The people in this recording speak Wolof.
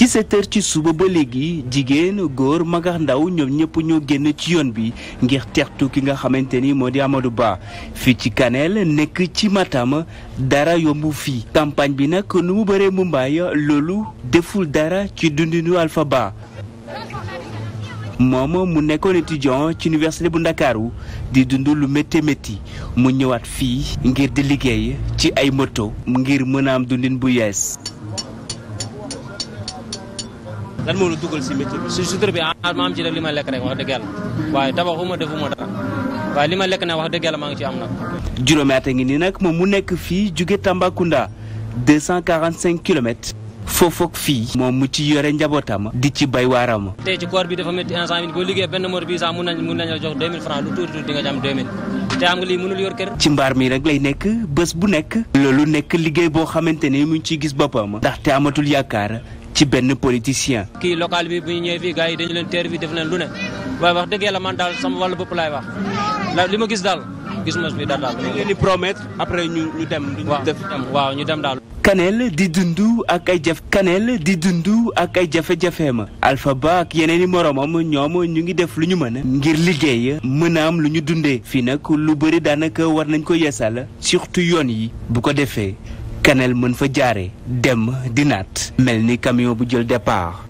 ci sept ci suba ba léegi jigéen góor mag ndaw ñoom ñëpp ñoo génn ci yoon bi ngir teextu ki nga xamante ni moo di amalu Ba fii ci Kanel nekk ci Matam dara yombu fii campagne bi nag nu mu baree mu loolu deful dara ci dundinu Alpha Ba mu nekkoon ci université bu Ndakaaru di dund lu métti métti mu ñëwaat fii ngir di liggéey ci ay moto ngir mën am dundin bu yees lan moo la dugal si métier bi si sutur bi ah ma am ci def li ma lekk rek wax dëgg yàlla waaye tabaxuma defuma dara waaye li ma lekk nag wax dëgg ma ngi ci am nag. juróomi at ngi nii nag moom mu nekk fii jóge Tambacounda 245 kilomètres. foofook fii moom mu ci yore njabootam di ci bay waaram tey ci koor bi dafa métti instant bi boo liggéey benn mor bi sax mun nañ mun nañ la jox 2000 francs lu tuuti tuuti ci mbaar mi rek lay nekk bés bu nekk loolu nekk liggéey boo xamante ne mu ngi ciy gis boppam te amatul yaakaar ci benn politicien. kii local bi bu ñu ñëwee fii gars yi dañu leen teer fii def leen lu ne waaye wax dëgg yàlla man daal sama wàllu bopp laay wax li ma gis daal gis ma fi daal daal. di après ñu ñu dem. waaw waaw ñu dem daal. Kanel di dund ak ay jaf Kanel di dund ak ay jafe ma alfabaak Ba ak yeneen i moroomam ñoom ñu ngi def lu ñu mën ngir liggéey mën a am lu ñu dundee fii nag lu bëri daanaka war nañ ko yeesal surtout yoon yi bu ko defee kaneel mën fa jaare dem di naat mel ni camion bu jël départ